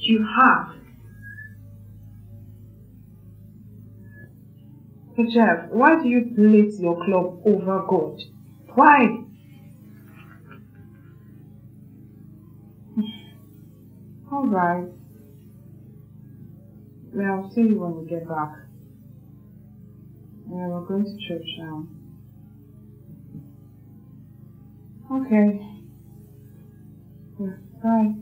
you have. Jeff, why do you place your club over God? Why? All right. Well, I'll see you when we get back. Yeah, we're going to church now. Okay. Yeah, bye.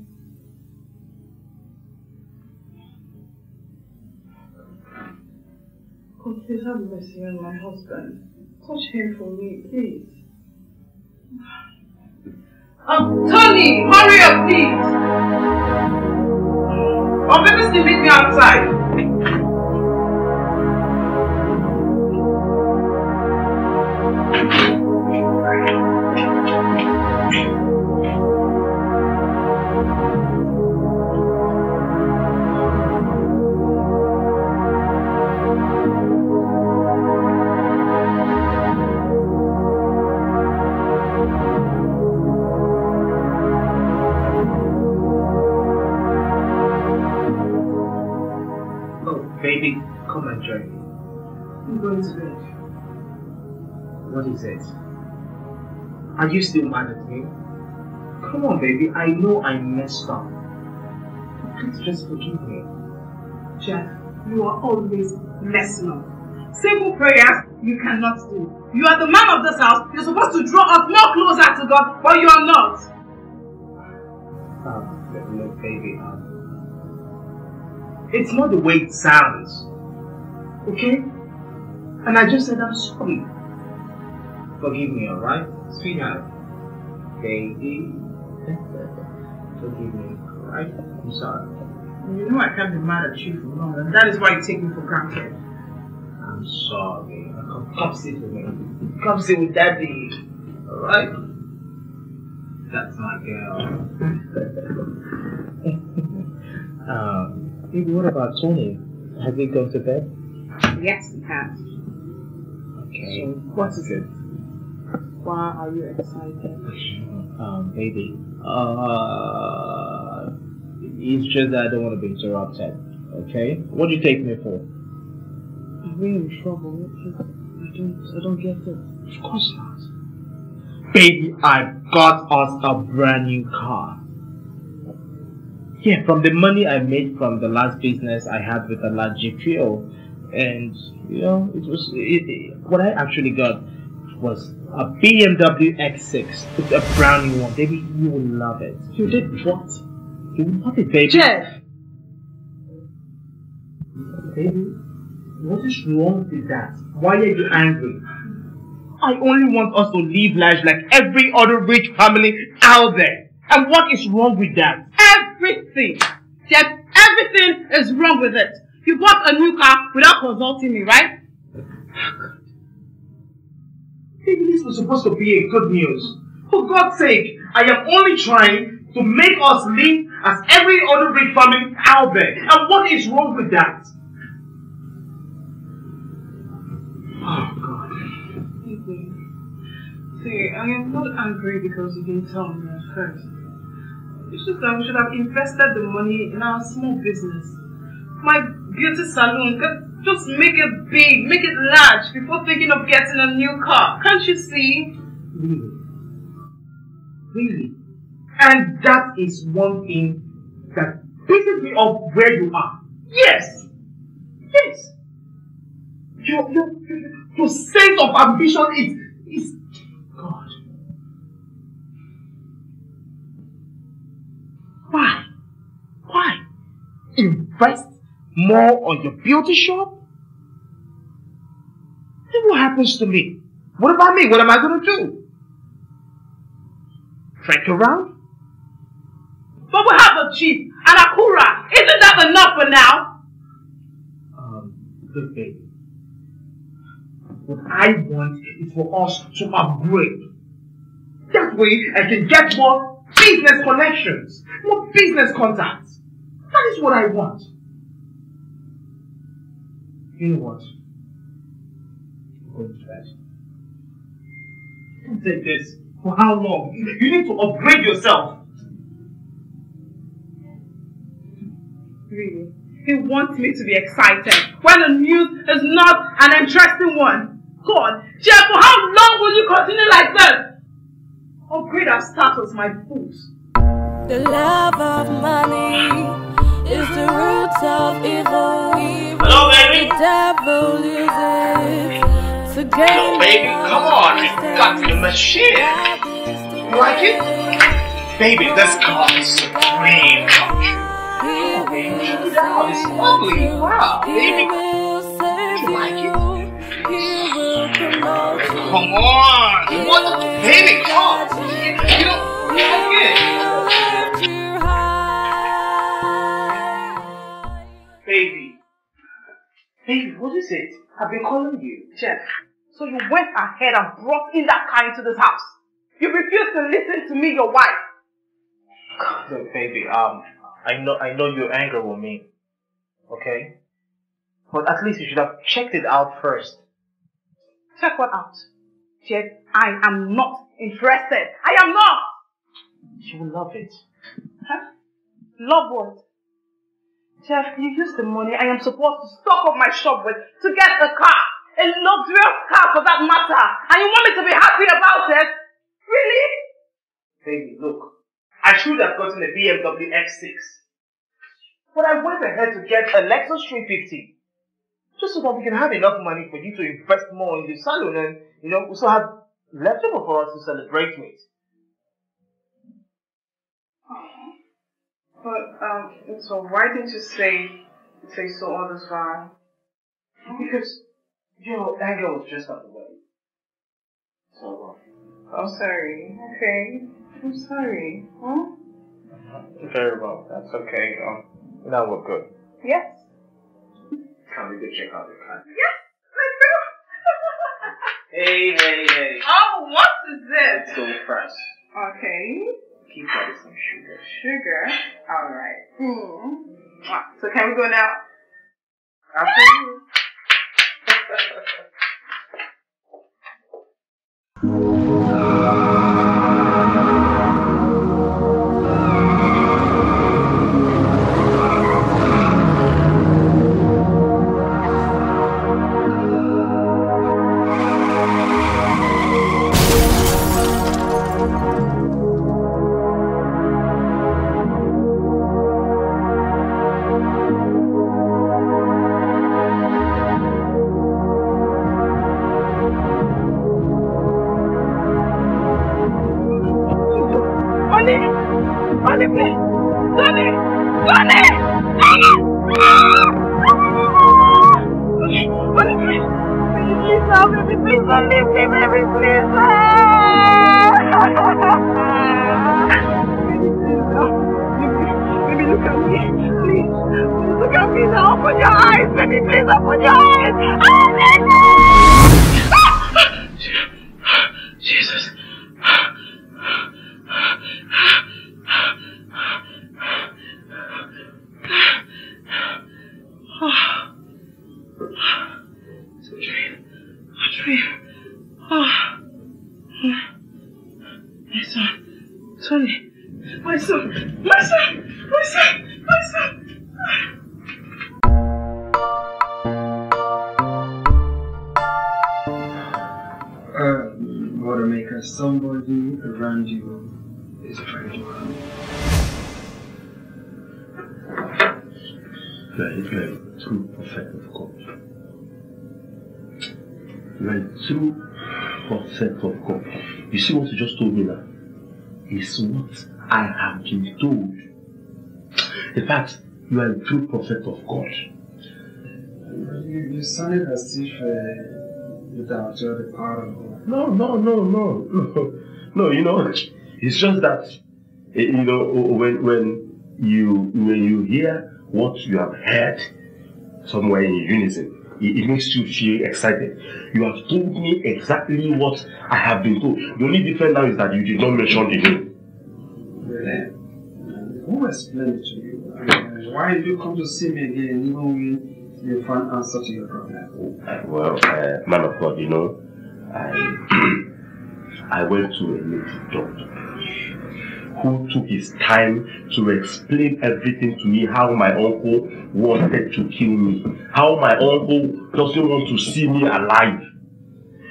please have mercy on my husband. Touch him for me, please. Um, Tony, hurry up, please. I'm going to see me outside. Are you still mad at me? Come on, baby. I know I messed up. Please just forgive me. Jeff, you are always messing up. Simple prayers you cannot do. You are the man of this house. You're supposed to draw us more closer to God, but you are not. Ah, look, baby, ah. it's not the way it sounds. Okay? And I just said I'm sorry. Forgive me, alright? Sweetheart, baby, forgive me, alright? I'm sorry. You know I can't be mad at you for long, and that is why you take me for granted. I'm sorry. Come, come sit with me. Come sit with daddy, alright? That's my girl. um, baby, what about Tony? Has he gone to bed? Yes, he has. Okay. So what is it? Why are you excited? Um, baby. Uh, it's just that I don't want to be interrupted. Okay? What do you take me for? I'm in trouble. I don't, I don't get it. Of course not. Baby, I got us a brand new car. Yeah, from the money I made from the last business I had with a large GPO. And, you know, it was, it, it, what I actually got was a BMW X6. It's a brand new one, baby. You will love it. You did what? You will love it, baby. Jeff. Baby, what is wrong with that? Why are you angry? I only want us to live life like every other rich family out there. And what is wrong with that? Everything. Jeff, everything is wrong with it. You bought a new car without consulting me, right? Maybe this was supposed to be a good news. For God's sake, I am only trying to make us live as every other reforming family out there. And what is wrong with that? Oh God. See, I am not angry because you didn't tell me at first. It's just that we should have invested the money in our small business. My beauty salon, just make it big, make it large before thinking of getting a new car. Can't you see? Really? Really? And that is one thing that pisses me off where you are. Yes! Yes! Your, your, your sense of ambition is is God. Why? Why invest more on your beauty shop? Then what happens to me? What about me? What am I going to do? Trek around? But we have a chief and a kura. Isn't that enough for now? Um, good baby. What I want is for us to upgrade. That way I can get more business connections, more business contacts. That is what I want you what? Go to bed. take this. For how long? You need to upgrade yourself. Really? He wants me to be excited when the news is not an interesting one. God, Jeff, for how long will you continue like this? Upgrade our status, my fools. The love of money is the root of evil. Hello, baby. The devil uses to gain. Hello, baby. Come on, you got the machine. You like it? Baby, this car is supreme. Oh, baby, check it out. It's lovely. Wow, baby. You like it? Come on. You want the baby? Come on. You don't like it? Baby, what is it? I've been calling you. Jeff. So you went ahead and brought in that car into this house. You refused to listen to me, your wife. God, Look, baby, um, I know, I know you're angry with me. Okay? But at least you should have checked it out first. Check what out? Jeff, I am not interested. I am not! You will love it. Huh? Love what? Jeff, you used the money I am supposed to stock up my shop with to get a car, a luxurious car for that matter, and you want me to be happy about it? Really? Baby, look, I should have gotten a BMW X6. But I went ahead to get a Lexus 350. Just so that we can have enough money for you to invest more in the salon and, you know, also have leftover for us to celebrate with. Oh. But um, so why didn't you say say so this while? Because you know that girl was just out the way. So uh, I'm sorry. Okay, I'm sorry. Huh? Very well. That's okay. Um, now we're good. Yes. Can we get check out your car? Yes. hey, hey, hey. Oh, what is this? Let's go Okay peanut butter, some sugar. Sugar. All right. Mm. mm. So can we go now? After you. I have been told. In fact, you are a true prophet of God. You, you sounded as if uh, you doubted the power of God. No, no, no, no, no. No, you know, it's just that, eh, you know, when, when, you, when you hear what you have heard somewhere in unison, it, makes you feel excited. You have told me exactly what I have been told. The only difference now is that you did not mention the name who explained to you? why did you come to see me again even when you found answer to your problem? Well, uh, man of God, you know, I I went to a native doctor who took his time to explain everything to me how my uncle wanted to kill me, how my uncle doesn't want to see me alive.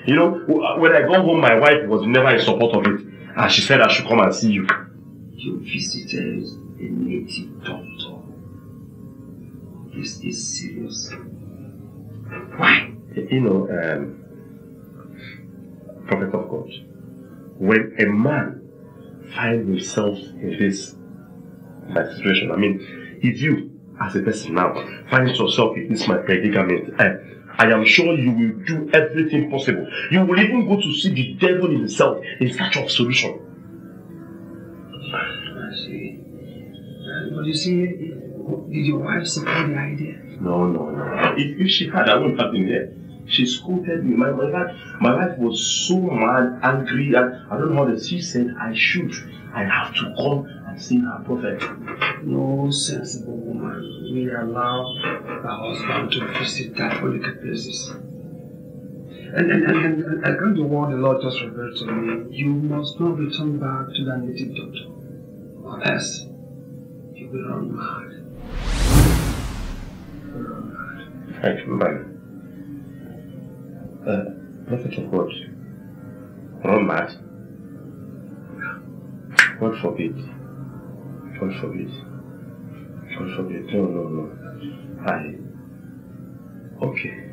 You know, when I got home, my wife was never in support of it, and she said I should come and see you you visited a native doctor. This is serious. Why? You know, um, prophet of God, when a man finds himself in this my situation, I mean, if you, as a person now, find yourself in this my predicament, uh, I am sure you will do everything possible. You will even go to see the devil himself in search of solution. I see. But you see, did your wife support the idea? No, no, no. If, if she had, I wouldn't have been here. She scolded me. My, my, my wife was so mad, angry, and I don't know how that she said I should. I have to come and see her prophet. No sensible woman will allow her husband to visit that holy places. And, and, and, and, and I come to warn the Lord just referred to me, you must not return back to that native doctor or else you will run mad. Frenchman. Uh, nothing of God. Run mad? God forbid. God forbid. God forbid. No, no, no. I. Okay.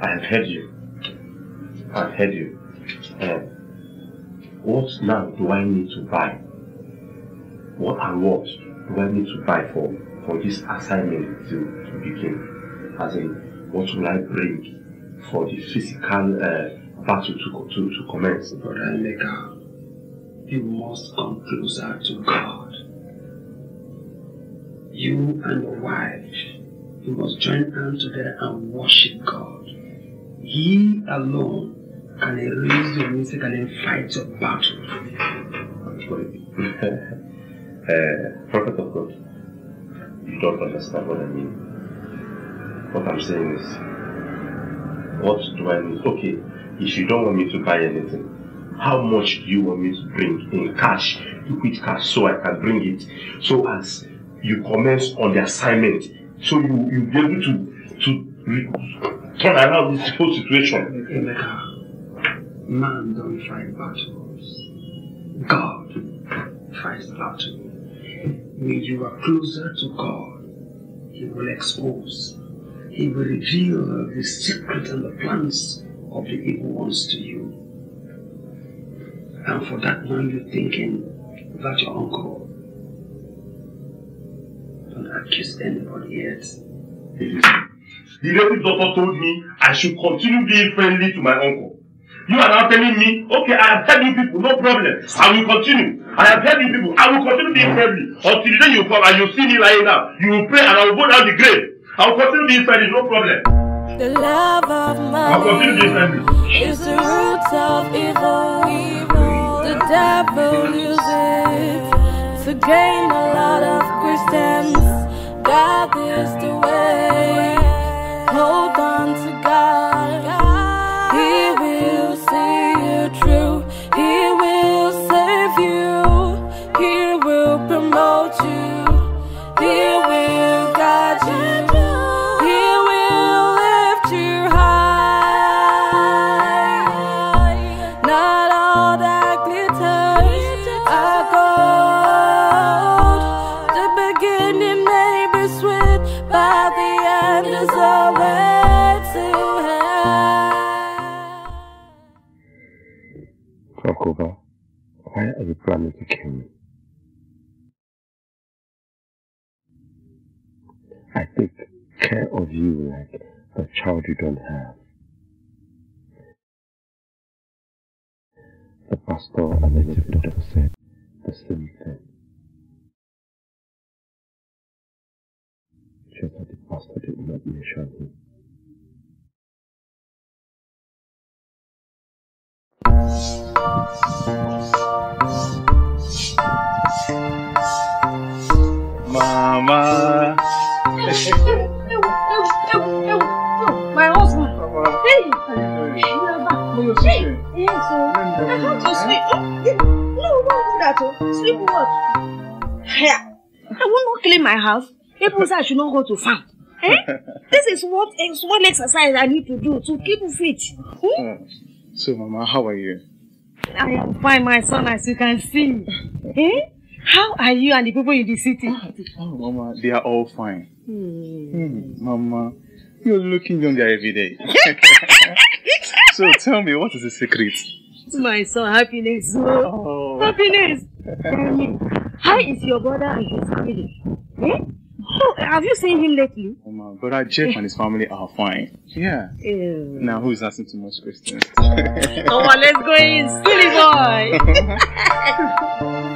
I have heard you. I have heard you. Uh, what now do I need to buy what and what do I need to buy for, for this assignment to, to begin? As in, what will I bring for the physical uh, battle to, to, to commence? Brother uh, Lega, you must come closer to God. You and your wife, you must join hands together and worship God. He alone can erase your mistake and then fight your battle. prophet of God. You don't understand what I mean. What I'm saying is, what do I need? Okay, if you don't want me to buy anything, how much do you want me to bring in cash, liquid cash, so I can bring it, so as you commence on the assignment, so you you be able to to re- turn around this whole situation. man don't fight battles. God fights battles when you are closer to God, He will expose, He will reveal the secret and the plans of the evil ones to you. And for that man, you're thinking about your uncle. Don't accuse anybody else. The native doctor told me I should continue being friendly to my uncle. You are now telling me, okay, I have telling you people, no problem. I will continue. I have helped you people. I will continue being friendly until the day you come and you see me lying down. You will pray and I will go down the grave. I will continue being friendly, no problem. The love of money I'll continue is the root of evil. evil. The devil uses to gain a lot of Christians. God is the way. Hold on to God. son of the king. I take care of you like a child you don't have. The pastor and the doctor said the same thing. Just that the pastor did not mention him. Mama. My husband. Hey. Hey. Yes. I have to sleep. No, don't do that. Sleep what? Yeah. I will not clean my house. People say I should not go to farm. Eh? This is what is what exercise I need to do to keep fit. Hmm? Hum. So, Mama, how are you? I am fine, my son, as you can see. eh? How are you and the people in the city? Ah, oh, Mama, they are all fine. Hmm, Mama, you're looking younger every day. so tell me, what is the secret? My son, happiness. Oh. Happiness. Tell me, how is your brother and his family? Eh? Oh, have you seen him lately? Oh, my brother Jeff and his family are fine. Yeah. Ew. Now who's asking too much questions? oh, let's go in, silly boy.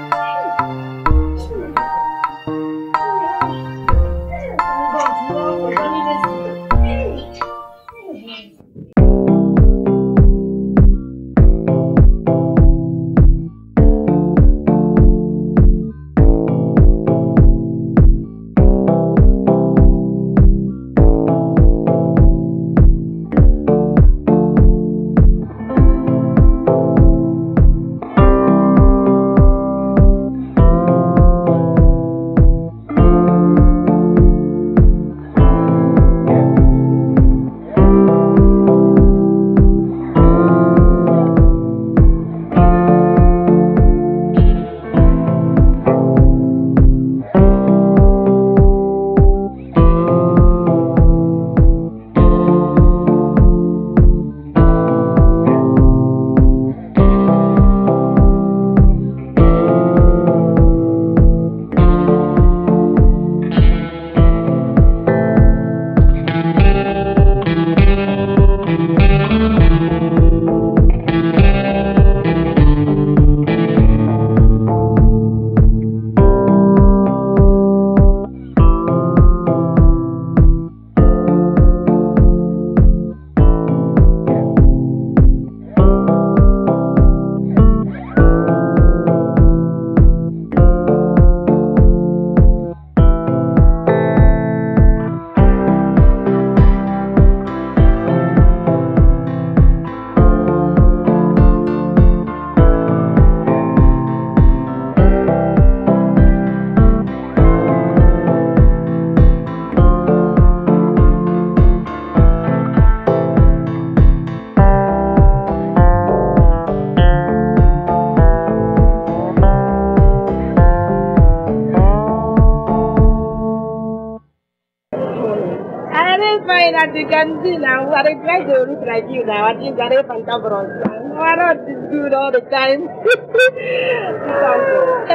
in at the candy now. I regret the look like you now. I think that is fantabros. Why not this good all the time? Uh,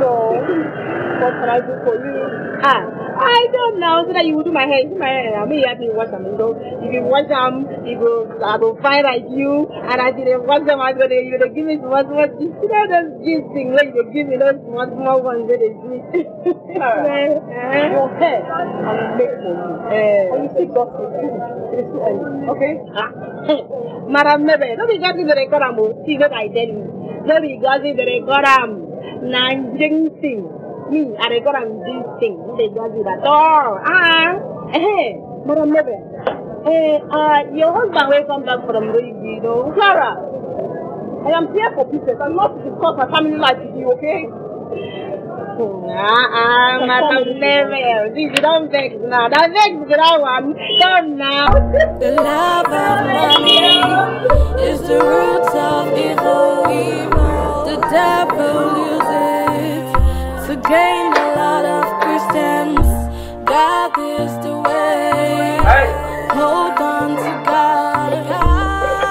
so, what can I do for you? Ah. I don't know. So that you will do my hair. my hair. I mean, you have to wash them. You know, if you wash them, you go, I go find like you. And I didn't wash them. I go, they, you know, give me small, small. You know, those jeans thing where you give me those small, small ones that they do. Your hair and make for you. Eh. Oh, eh, okay. Ah. Madam Mebe, don't be gossiping the record. I'm going to see what I tell Don't be gossiping the record. I'm not jinxing. Me, and they go and do things. They don't do that. Oh, ah, eh, but I'm never. Eh, hey, uh, your husband will come back from the you know. Clara, I am here for business. I'm not to discuss my family life with you, okay? Ah, uh, Madam Mary, you don't vex now. That vex is that one. Done now. The love of money is the root of evil, evil. The devil uses could gain a lot of Christians. is the way. Hey. Hold on to God.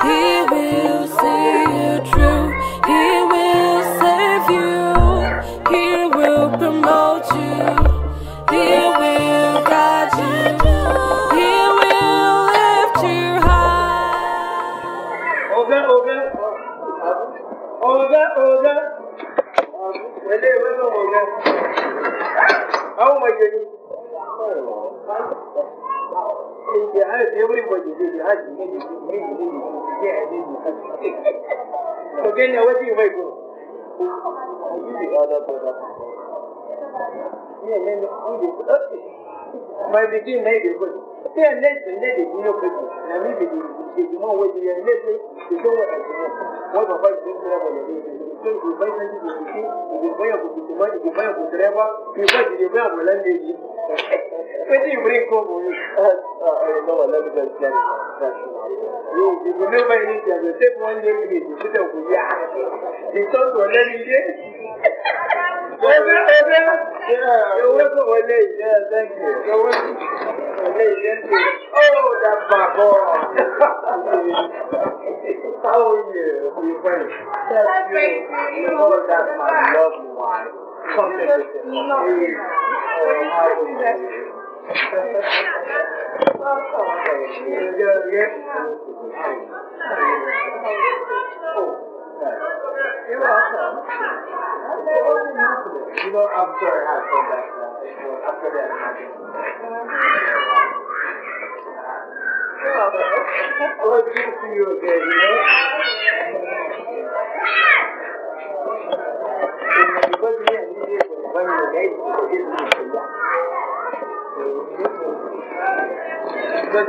He will see you through. He will save you. He will promote you. He will guide you. He will lift you high. Okay, okay. Okay, okay eléwé lòwò lẹ everybody mutum gobe san ji gobe gobe ya gobe kuma gobe ya gobe direba gobe ya gobe ya gobe lalle ji kaji ibrin ko mu yi a ɗaya na wala da gaskiya ne yi gobe bai ni da da sai kuma ne ne da shi da ku ya ki son to ne ni ne gobe gobe ya wato wale ya thank you ya wato wale ya thank you oh that babo told you we pray. That's you, you Lord, that's my loved one. Something You're welcome. You know, I'm sorry I have to back now. After that, I'm oh, good to see you again, you know? Because me and for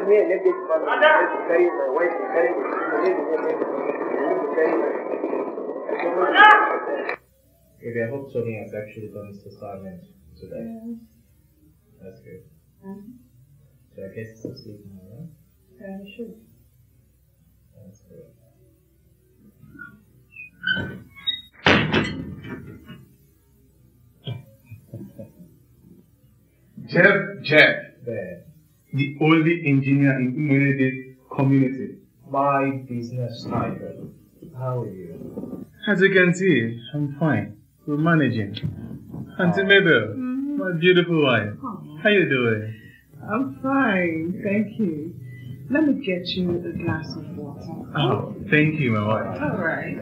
me to carry to carry Okay, I hope Sonia has actually done this assignment today. Yeah. Mm. That's good. Mm-hmm. So I guess it's now, right? That's Jeff, Jeff, the only engineer in the community. My business title. How are you? As you can see, I'm fine. We're managing. Auntie to oh. Mabel, mm -hmm. my beautiful wife. Oh. How you doing? I'm fine, thank you. Let me get you a glass of water. Oh, thank you, my wife. All right.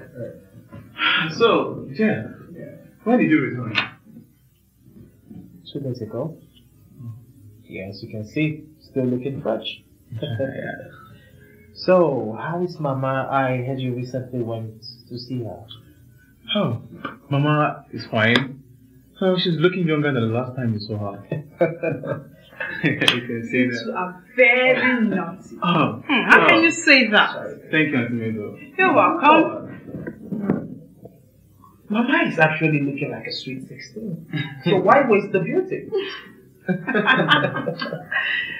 So, Jeff, when did you return? Two days ago. Yeah, as you can see, still looking fresh. yeah. So, how is Mama? I heard you recently went to see her. Oh, Mama is fine. Oh, she's looking younger than the last time you saw her. you can say that. You are very naughty. Oh. Hmm, how oh. can you say that? Thank you, Auntie Mabel. You're welcome. Hmm. Mama is actually looking like a sweet 16. so why waste the beauty?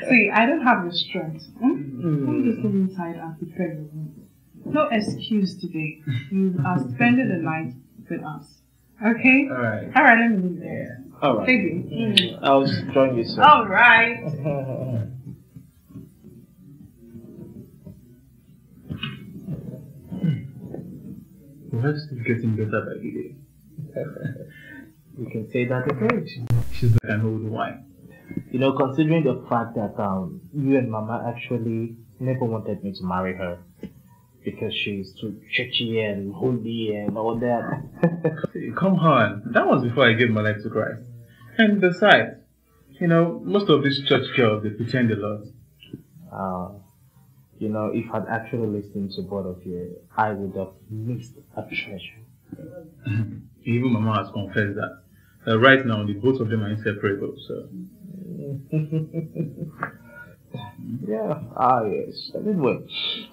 See, I don't have the strength. Hmm? Mm. I'm just going inside and prepare your room. No excuse today. You are spending the night with us. Okay? Alright. Alright, let me leave there. Yeah. All right. Maybe. Mm. I'll join you soon. All right. Perhaps it's getting better by the day. we can say that again. She's like an old wine. You know, considering the fact that um, you and Mama actually never wanted me to marry her because she's too churchy and holy and all that. Come on, that was before I gave my life to Christ. And besides, you know, most of these church girls, they pretend a lot. Uh, you know, if I'd actually listened to both of you, I would have missed a treasure. Even Mama has confessed that. Uh, right now, the both of them are inseparable, so. yeah, ah, yes. Anyway,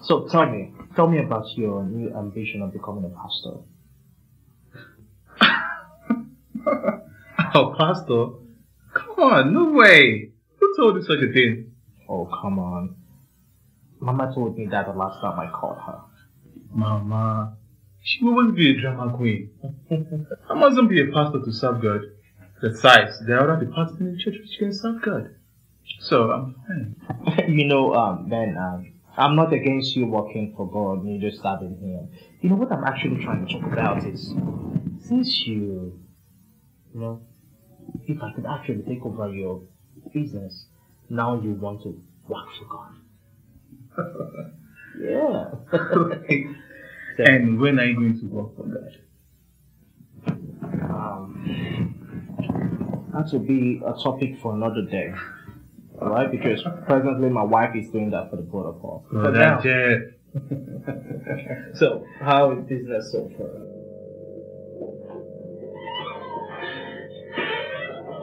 so tell me, tell me about your new ambition of becoming a pastor. Oh Pastor. Come on, no way. Who told you such a thing? Oh, come on. Mama told me that the last time I caught her. Mama, she wouldn't be a drama queen. I mustn't be a pastor to serve God. Besides, there are other parts in the church which can serve God. So I'm fine. you know, um, Ben, um, I'm not against you working for God and you just serving Him. You know what I'm actually trying to talk about is since you, you know, if I could actually take over your business, now you want to wax for God. yeah. okay. so, and when are you going to work for God? Um, that will be a topic for another day. right? because presently my wife is doing that for the protocol. Oh, so, how is business so far?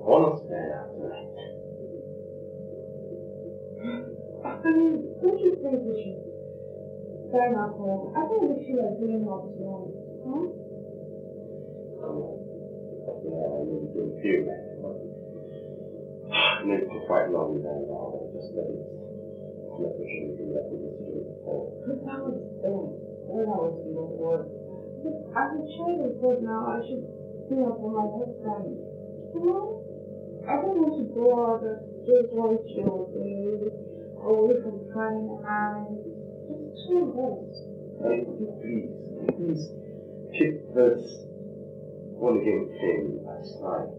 Once I mean, don't you think we should fair enough, Mom. I think we should have doing what is wrong, huh? Yeah, I really do feel that. And it's quite long now, I'll just let it let the children let me just do it for. Because I was doing when I was doing work. As a child, now I should be up on my best friend. You know? I think we should do all the just what you do, away from crying and just chill out. Please, please, keep this one game thing aside.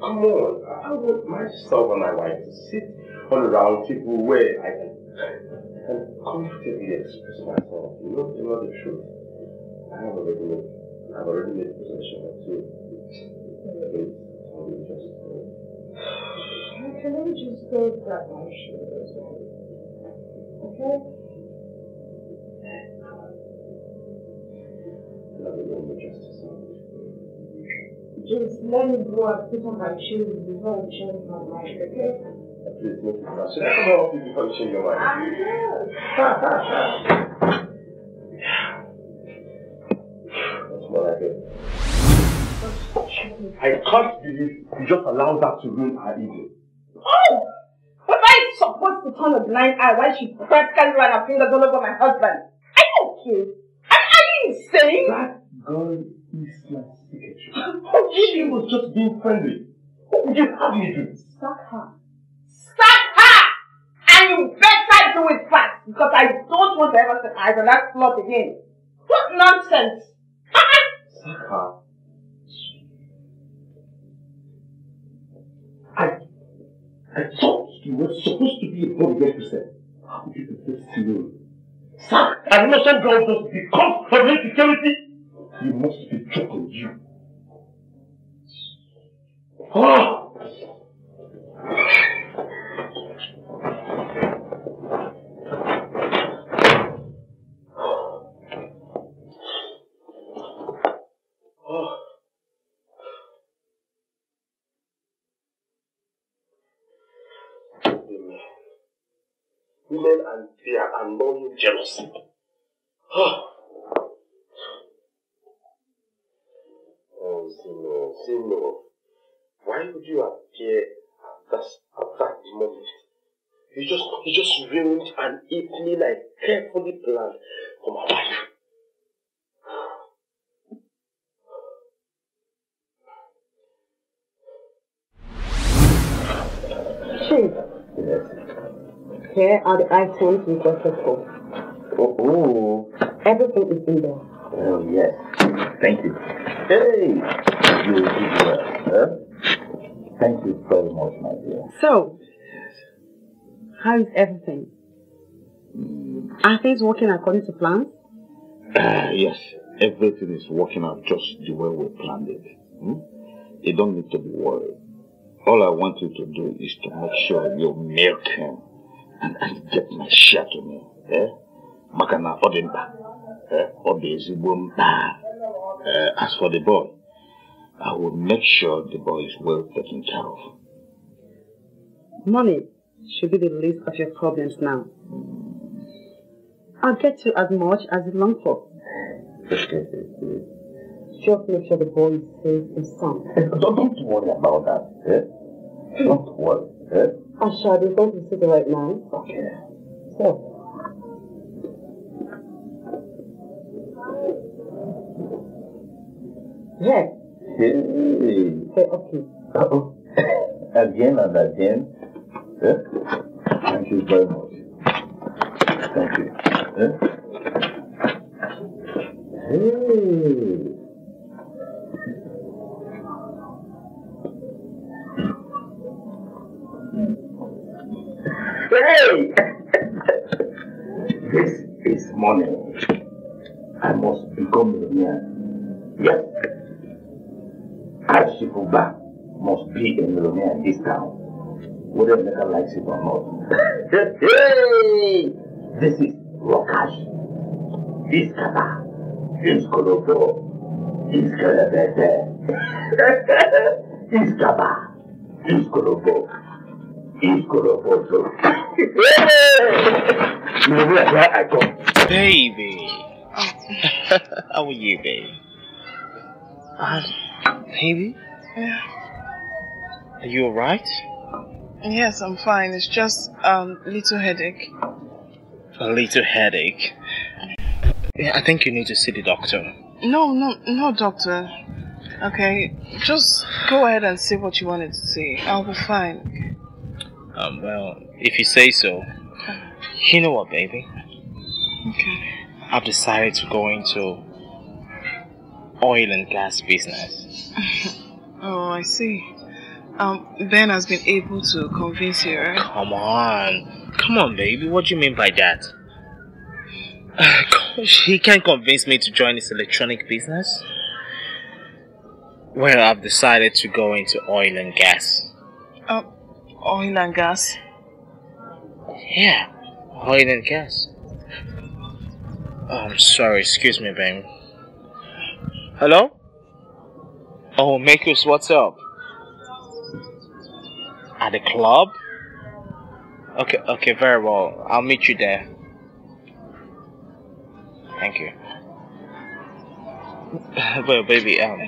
Come on, I want myself and my wife to sit on a round table where I can, can comfortably express myself. You know, you know the truth. I have already made, I've already made possession of two. Let me just go grab my shoes, Okay? just let me go and put on my shoes before I change my mind, okay? Please look at that. So that's about you before you change your mind. I know. That's more like it. I can't believe you just allowed that to ruin our evening. Oh! Was I supposed to turn a blind eye while she practically ran her fingers all over my husband? Are you okay? Are, are you insane? That girl is your secretary. she was just being friendly. What would you have me do? Suck her. suck her! And you better do it fast because I don't want to ever set eyes on that floor again. What nonsense! Uh-uh. Suck her. I thought you were supposed to be a born-again How did you get to you? Sir, an innocent girl does because for security. You must be joking, you. Ah! women and their annoying jealousy. Ah. oh, Zeno, Zeno, why would you appear at that, at that moment? You just, you just ruined an evening I carefully planned for my wife. Here are the items we got for. Oh, oh. Everything is in there. Oh, yes. Thank you. Hey! You did well, huh? Thank you very much, my dear. So, how is everything? Mm. Are things working according to plan? Uh, yes, everything is working out just the way we planned it. Hmm? You don't need to be worried. All I want you to do is to make sure you milk him and get my share to me. Eh? maka na ọ dị mkpa eh? ọ dị eh, as for the boy I will make sure the boy is well taken care of. Money should be the least of your problems now. I'll get you as much as you long for. Just make sure the boy is safe and sound. Don't, don't worry about that. Eh? Don't worry. Eh? I shall be to the right man. So. Hey. Oh. Again and again. Yeah. Thank you very much. Thank you. say this is money. I must become a millionaire. Yes. Ashifuba must be a millionaire in this town. Whether Mecca likes it or not. hey! This is Rokash. This Kaba. This Kolobo. This Kelebete. this Kaba. This Kolobo. piccolo posso. baby. How are you, baby? Uh, baby? Yeah. Are you alright? Yes, I'm fine. It's just a um, little headache. A little headache? Yeah, I think you need to see the doctor. No, no, no, doctor. Okay, just go ahead and see what you wanted to see. I'll be fine. Um, well, if you say so. Uh, you know what, baby? Okay. I've decided to go into oil and gas business. oh, I see. Um, ben has been able to convince you, right? Come on. Come on, baby. What do you mean by that? Gosh, he can't convince me to join his electronic business. Well, I've decided to go into oil and gas. Um, Oil and gas. Yeah, oil and gas. Oh, I'm sorry, excuse me, babe. Hello? Oh, Makers, what's up? At the club? Okay, okay, very well. I'll meet you there. Thank you. well, baby, um,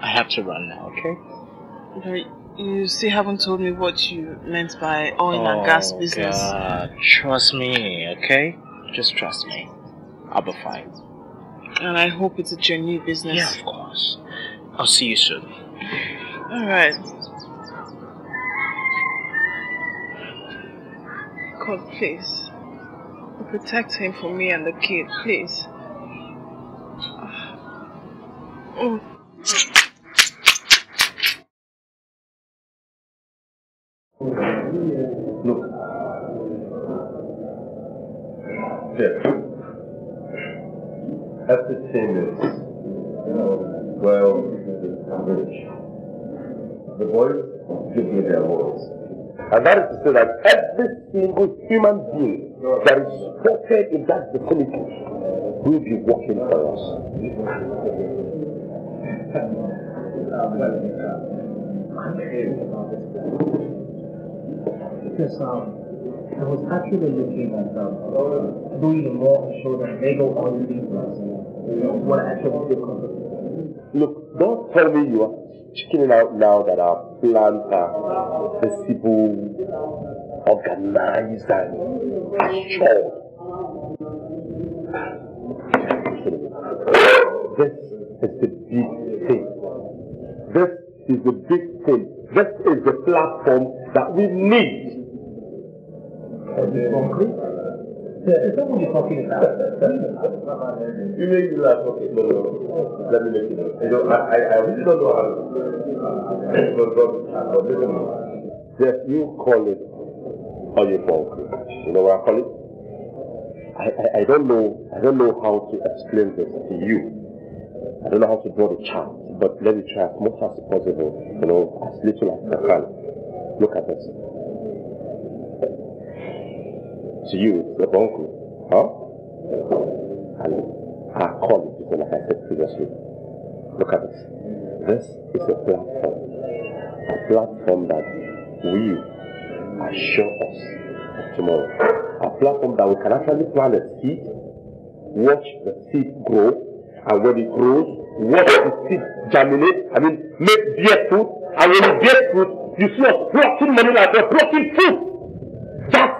I have to run now, okay? Right you still haven't told me what you meant by oil oh, and gas oh, business. God. Trust me, okay? Just trust me. I'll be fine. And I hope it's a genuine business. Yeah, of course. I'll see you soon. Alright. God, please. Protect him for me and the kid, please. Ah. Oh. Look. Jeff. After 10 minutes, well, rich. The voice should be their voice. And that is to say that every single human being that is spotted in that vicinity will be working for us. this out. Um, I was actually looking at um, doing more to show that they go on these lessons. What I actually did. Look, don't tell me you are chickening out now that our plans are visible, organized, and assured. This is the big thing. This is the big thing. This is the platform that we need concrete. C'est ça pour du concrete là. You make me laugh. Okay, no, no, no. Let me make you laugh. You know, I, I, I really don't know how to. But, but, but listen, yes, you call it or you concrete. You know what I call it? I, I, I don't know. I don't know how to explain this to you. I don't know how to draw the chart, but let me try as much as possible. You know, as little as I can. Look at this to you, the uncle, huh? And our colleague, you like I said previously, look at this. This is a platform, a platform that we assure us of tomorrow. A platform that we can actually plant a seed, watch the seed grow, and when it grows, watch the seed germinate, I mean, make bear fruit, and when it bears fruit, you see us plotting money like we're plotting food. That's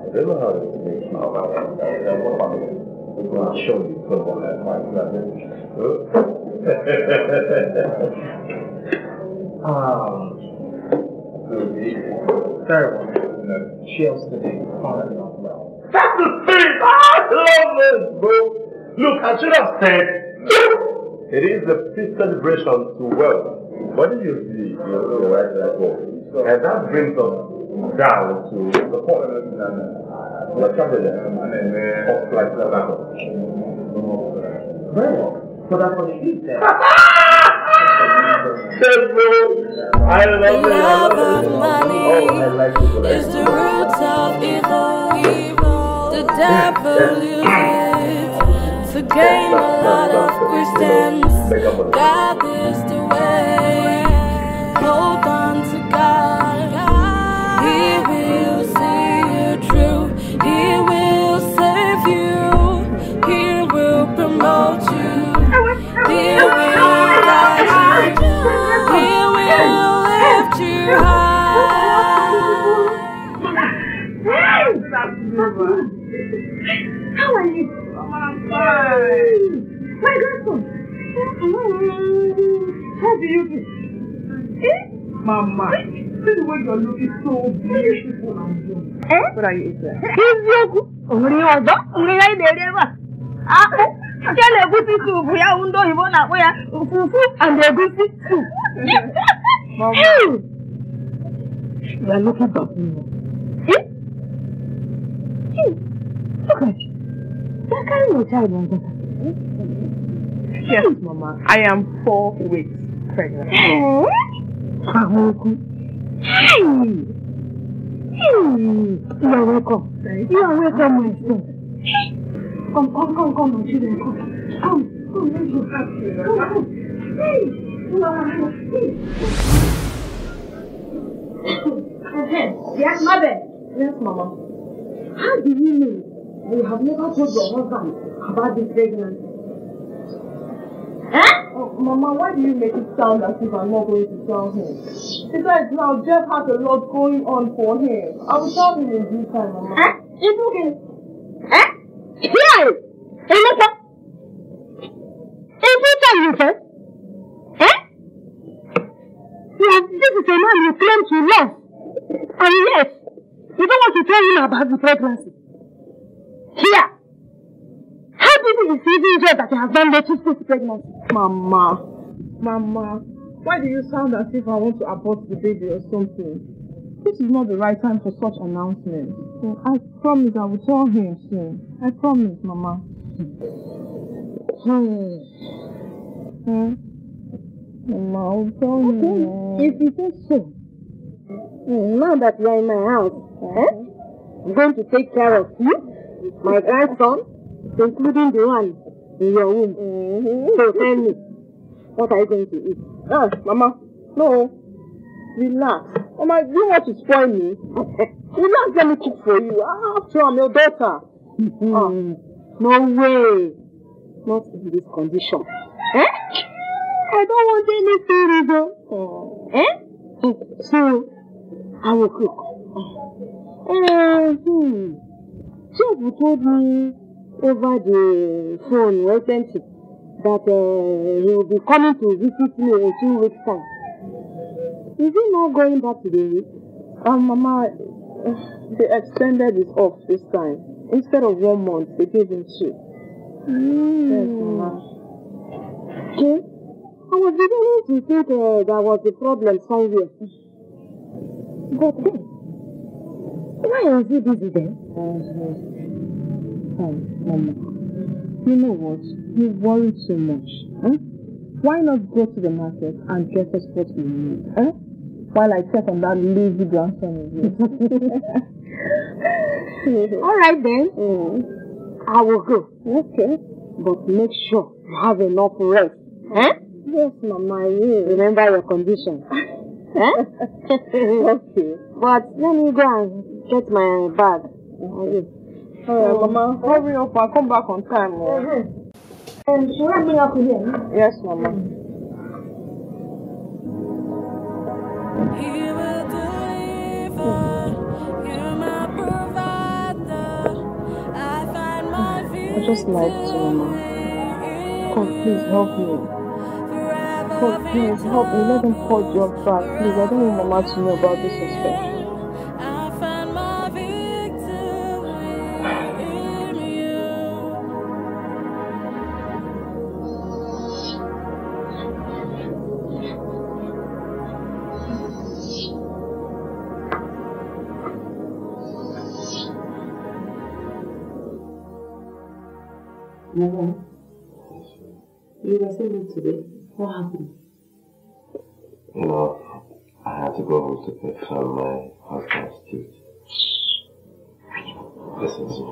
to make now going to show you that Um, third one, no. Chelsea, That's the thing! I love this, bro! Look, I should have said, it is a peace celebration to wealth. What do you see? You are right, like, oh. And that brings us Eh, down to and like that. Very well. So that's what it is I love the love of money oh, is the root of evil, evil. The devil you live to gain a lot of Christians. is the way. hi How do you do? Eh? Mama, see the way you're looking so beautiful and Eh? What are you eating? Eziokwu! nri anyị na-eri ebe a. Akpụ, nke na-egusi soup ya ndị oyibo na-akpụ ya fufu and egusi soup. That carrying your child like that. Yes, Mama. I am four weeks pregnant. you are welcome. Thank you. you are welcome, my son. Come, come, come, come, my children. Come, come, come, let you have Come, come. Hey, you are. Hey. yes, mother. Yes, Mama. How do you know? You have never told your husband about this pregnancy. Huh? Mama, why do you make it sound as if I'm not going to tell him? Besides, now Jeff has a lot going on for him. I will tell him in time, Mama. Huh? It's okay. Huh? Hey! Elisa! In due time, you said? Huh? this is a man you claim to love. And yes, you don't want to tell him about the pregnancy. Here! How you see the job that you have done latest this pregnancy? Mama, Mama, why do you sound as if I want to abort the baby or something? This is not the right time for such announcements. So I promise I will tell him soon. I promise, Mama. Hmm. Hmm? Mama, I will tell okay. him. Eh? If you say so, hmm, now that you are in my house, eh, I'm going to take care of you. my grandson, including the one in your womb. Mm-hmm. So tell me, what are you going to eat? Ah, Mama, no. Relax. Mama, you want to spoil me? Relax, let me cook for you. After ah, I'm your daughter. Mm-hmm. Ah, no way. Not in this condition. Eh? I don't want anything, Rizzo. Oh. Eh? So, I will cook. uh, hmm. Job told me uh, over the phone, wasn't it, that uh, he will be coming to visit me in two weeks' time. Is he not going back to the week? Um, Mama, uh, they extended his off this time. Instead of one month, they gave him two. Mm. Yes, hmm. Mama. Okay. I was beginning to think uh, there was a problem somewhere. But then, why is he busy then? Mm-hmm. Mama. You know what? You worry too much. Huh? Why not go to the market and get us what we need? Huh? While I check on that lazy grandson of yours. All right then. Mm. I will go. Okay. But make sure you have enough rest. Huh? Yes, Mama, I Remember your condition. huh? okay. But let me go and get my bag. Mm-hmm. Alright, oh, Mama, hurry up and come back on time. Oh. Uh -huh. Um, should I bring up again? Yes, Mama. I just like to, Mama. God, please help me. God, please help me. Let them call you back. Please, I don't want Mama to know about this inspection. You were saying today. What happened? You know, I had to go home to perform my husband's duty. Listen to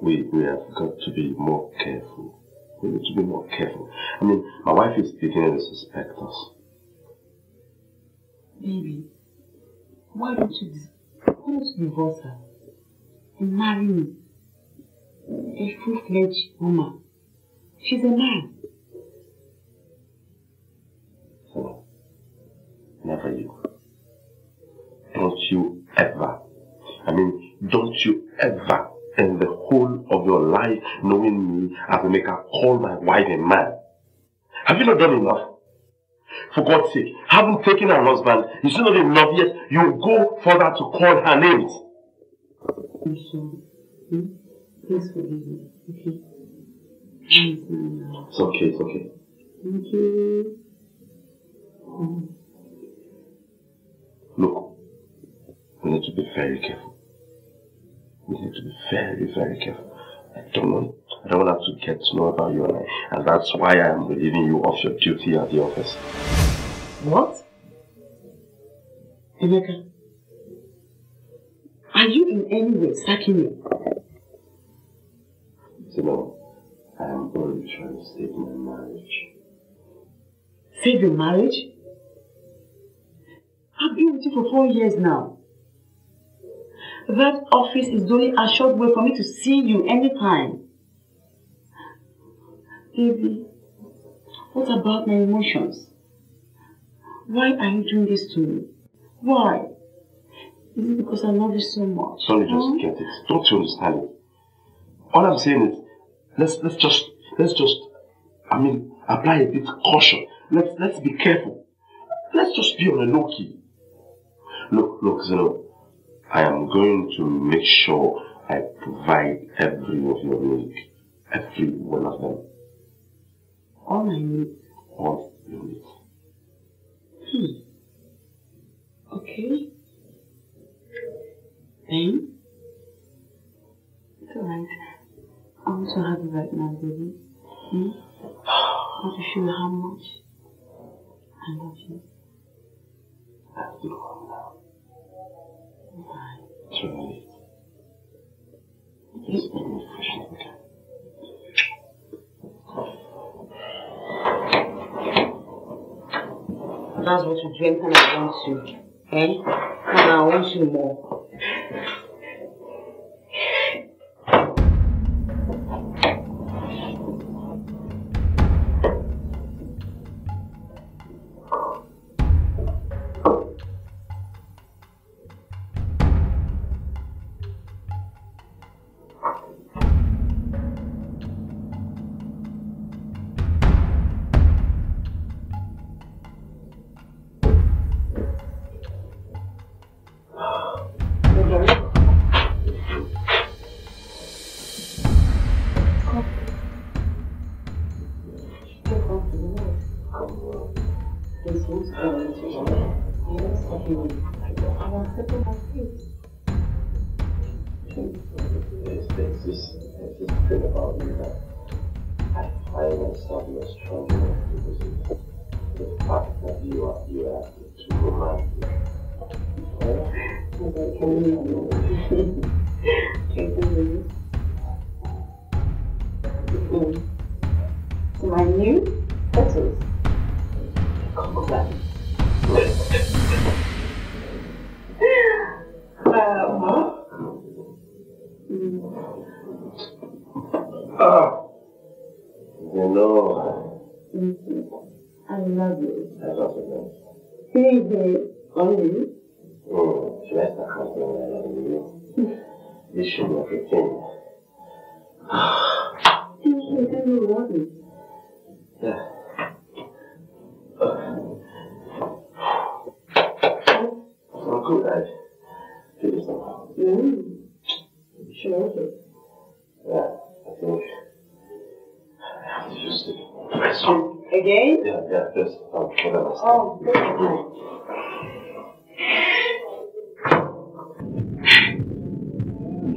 me. We, we have got to be more careful. We need to be more careful. I mean, my wife is beginning to suspect us. Baby, why don't you, why don't you divorce her and marry me? a full-fledged woman. She's a man. Hello. Never you. Don't you ever. I mean, don't you ever in the whole of your life knowing me as a maker call my wife a man. Have you not done enough? For God's sake, having taken her husband, you she not enough yet. You go further to call her names. Mm -hmm peaceful evening. Okay. It's okay, it's okay. Thank you. Look, we need to be very careful. We need to be very, very careful. I don't want I don't want to get to know about you and I, and that's why I am relieving you of your duty at the office. What? Emeka, are you in any way sacking me? you know, I am only trying to save my marriage. Save your marriage? I've been with you for four years now. That office is only a short way for me to see you anytime. Baby, what about my emotions? Why are you doing this to me? Why? Is it because I love you so much? Sorry, huh? just get it. Don't you understand it? all I'm saying is let's let's just let's just I mean apply a bit caution. Let's let's be careful. Let's just be on a low key. Look, look, Zeno, I am going to make sure I provide every of your needs. Every one of them. All my needs. All your needs. Hmm. Okay. Then it's alright. I am so happy right now, baby. Hmm? I want to show you how much I love you. I have to go now. Why? That's what you drink and I want you. Eh? And I want you more.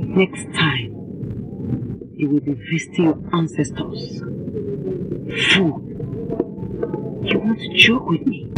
Next time, you will be visiting your ancestors. Fool! You want to joke with me?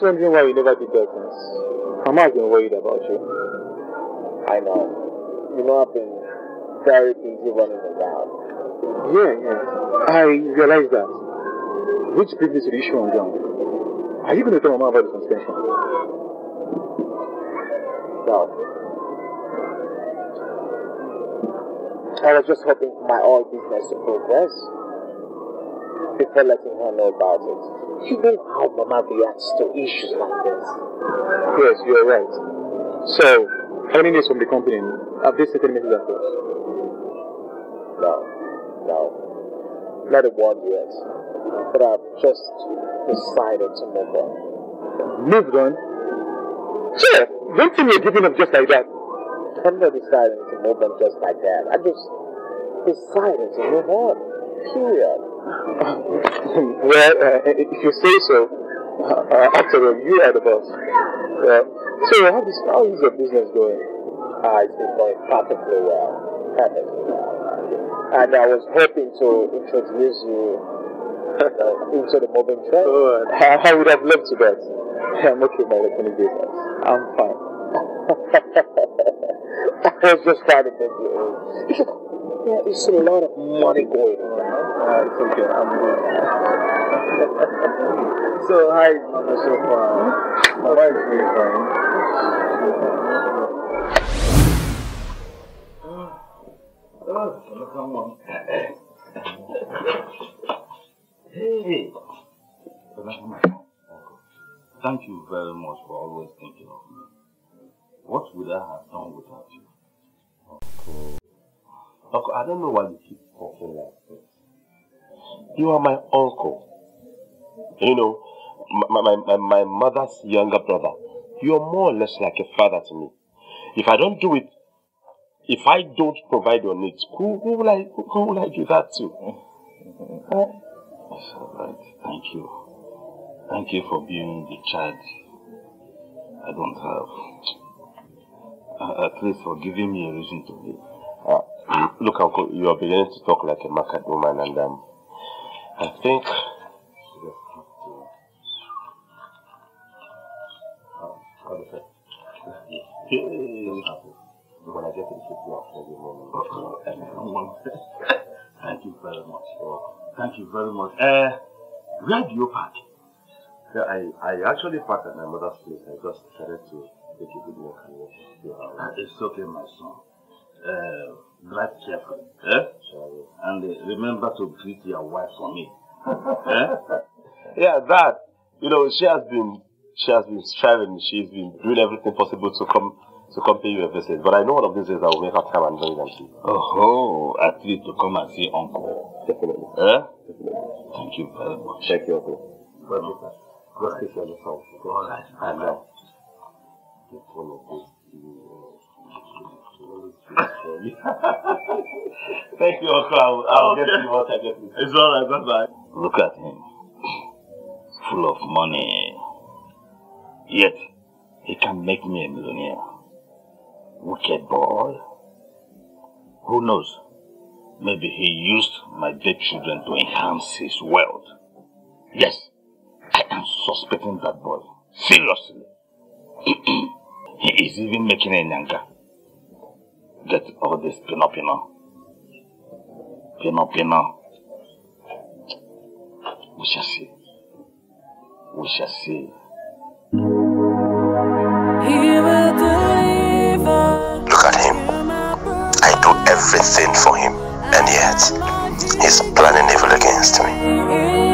just wondering why you never did that. Mama has been worried about you. I know. You know, I've been very busy running around. Yeah, yeah. I realize that. Which business me the issue on ground. Are you going to tell Mama about the suspension? No. I was just hoping for my old business to progress before letting her know about it. You know how Mama reacts to issues like this. Yes, you're right. So, any news from the company have they taken Mrs. Afros? No, no. Not a word yet. But I've just decided to move on. Moved on? Sure. Don't tell me you're giving up just like that. I'm not deciding to move on just like that. I just decided to move on. Period well, uh, if you say so, uh, uh, after all, you are the boss. so how is, how is your business going? Uh, it's been going perfectly well. Perfectly well. And I was hoping to introduce you uh, into the moving trend. Oh, I, I would have loved to that. I'm okay, my electronic business. I'm fine. I was just trying to think. There is a lot of money going on. Uh, it's okay. I'm good. so, hi, Mama Sofa. My wife is very fine. come on. Thank you very much for always thinking of me. What would I have done without you? Okay. Okay, I don't know why you keep you are my uncle. You know, my, my, my, my mother's younger brother. You are more or less like a father to me. If I don't do it, if I don't provide your needs, who, who, will, I, who, will I do that to? all right. Thank you. Thank you for being the child I don't have. Uh, at uh, least for giving me a reason to live. Uh, look, Uncle, you are beginning to talk like a market woman, and um, I think when I get to the Thank you very much. Thank you very much. Uh, where do you park? Yeah, I, I actually park at my mother's place. I just decided to take a good walk and walk. It's okay, my son. Uh, drive carefully. Eh? And uh, remember to greet your wife for me. eh? Yeah, that. You know, she has been she has been striving. She's been doing everything possible to come to come pay you a visit. But I know one of these days I will make her time and bring them to you. Oh, oh at least to come and see Uncle. Definitely. Eh? Definitely. Thank you very much. Thank you, Uncle. Well, no. Go ahead. Go ahead. Thank you, Uncle. I'll, I'll okay. get you what I get you. It's all right. Bye bye. Look at him. Full of money. Yet, he can make me a millionaire. Wicked boy. Who knows? Maybe he used my dead children to enhance his wealth. Yes, I am suspecting that boy. Seriously. he is even making a nyanga. Get all this pino pino. Pino pino. We shall see. We shall see. Look at him. I do everything for him, and yet he's planning evil against me.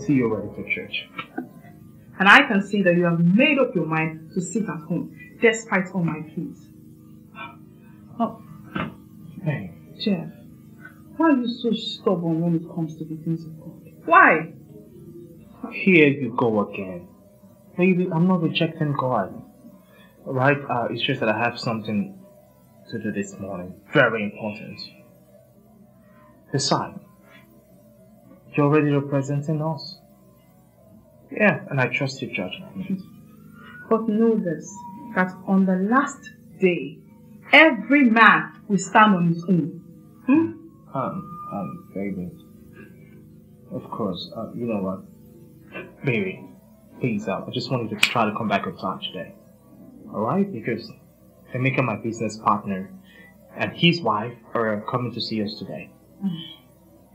see you ready for church. And I can see that you have made up your mind to sit at home despite all my pleas. Oh. Hey. Jeff, why are you so stubborn when it comes to the things of God? Why? Here you go again. Baby, I'm not rejecting God. Right? Uh, it's just that I have something to do this morning. Very important. Besides, you're already representing us. Yeah, and I trust your judgment. But know this that on the last day, every man will stand on his own. Hmm? Um, um, very good. Of course, uh, you know what? Baby, please, uh, I just wanted to try to come back on time today. Alright? Because Emeka, my business partner, and his wife are coming to see us today. Mm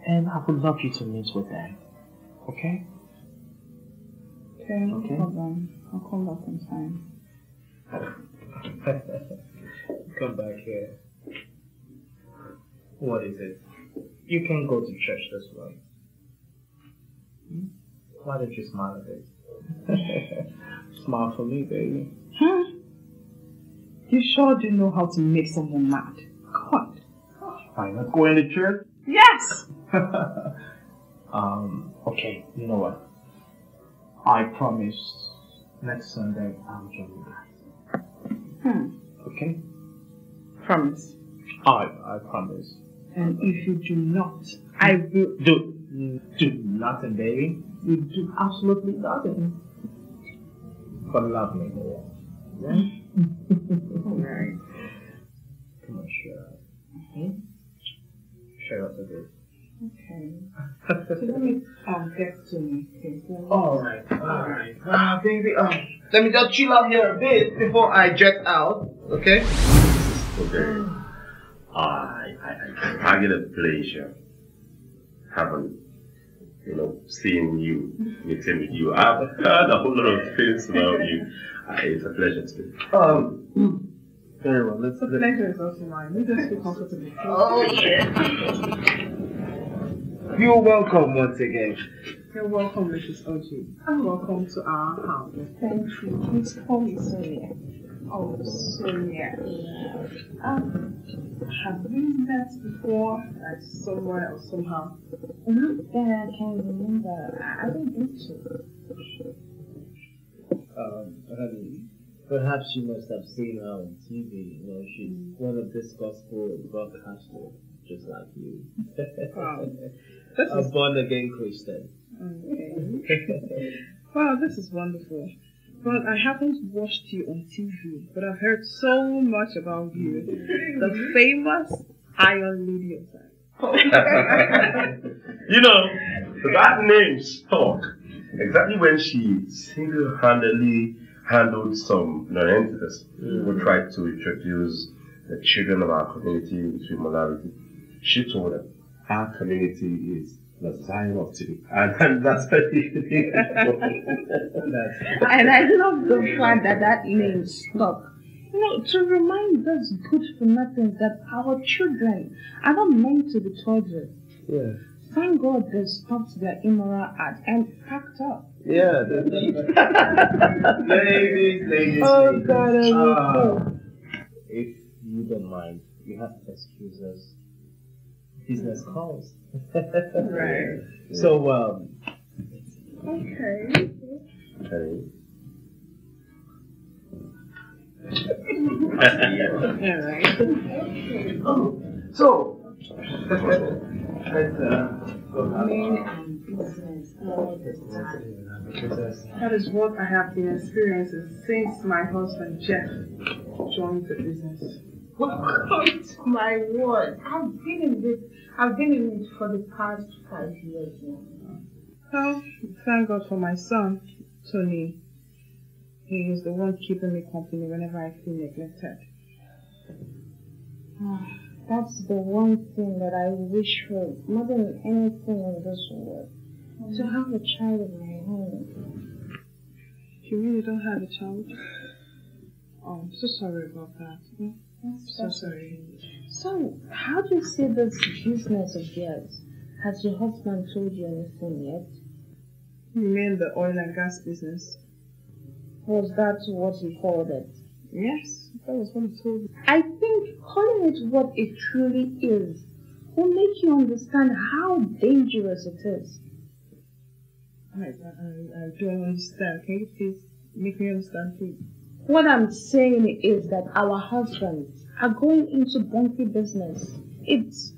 and I would love you to meet with them. Okay? Okay, no okay. problem. I'll come back in time. come back here. What is it? You can go to church this way. Hmm? Why don't you smile at it? smile for me, baby. Huh? You sure do know how to make someone mad. What? Fine. let not going to church. Yes! um, okay, you know what? I promise next Sunday I'll join you guys. Hmm. Okay? Promise. I I promise. And if you do not, I will do do nothing, baby. You do absolutely nothing. But love me, yeah. Yeah. All right. Come on, shut up. Hmm? Shut up a bit. Okay. so let me um, get to me. Okay, so all right, all right. Ah, baby. Um, let me just chill out here a bit before I jet out. Okay. Okay. I, I, I target a pleasure. Haven't, you know, seeing you, meeting with you. I've heard a whole lot of things about you. Uh, it's a pleasure to be. Um. Very well. Let's. The pleasure is also mine. Let us be comfortable. Oh yeah. You're welcome once again. You're welcome, Mrs. Oji. And welcome to our house. Thank you. Please call me Sonia. Oh, Sonia. Um, have we met before? Like uh, somewhere or somehow? Not that I can remember. I don't think so. Um, perhaps you must have seen her on TV. You know, she's mm. one of this gospel broadcasters, just like you. wow. a born again Christian. Okay. wow, this is wonderful. Well, I haven't watched you on TV, but I've heard so much about you. the famous Iron Lady of You know, that name stuck exactly when she single handedly handled some non-entities mm. who tried to introduce the children of our community into immorality. She told them, our community is the Zion of today. And, and that's what you think. and I love the fact that that name stuck. You know, to remind us, good for nothing that our children are not meant to be toddlers. Yeah. Thank God they stopped their immoral act and packed up. Yeah, ladies, ladies. Oh, God, I uh, If you don't mind, you have to excuse us he's not close. right. So, um, okay. Okay. so, let's uh, that is what I have been experiencing since my husband Jeff joined the business. What? My word. I've been in this, I've been in it for the past five years now. Well, thank God for my son, Tony. He is the one keeping me company whenever I feel neglected. Ah, that's the one thing that I wish for more than anything in this world. Mm. To mm-hmm. have a child of my own. You really don't have a child? Oh, I'm so sorry about that. Hmm? so sorry. So, how do you see this business of yours? Has your husband told you anything yet? You mean the oil and gas business? Was that what he called it? Yes, that was what he told me. I think calling it what it truly is will make you understand how dangerous it is. I, I, I don't understand. Can you please make me understand, please? What I'm saying is that our husbands are going into bunky business. It's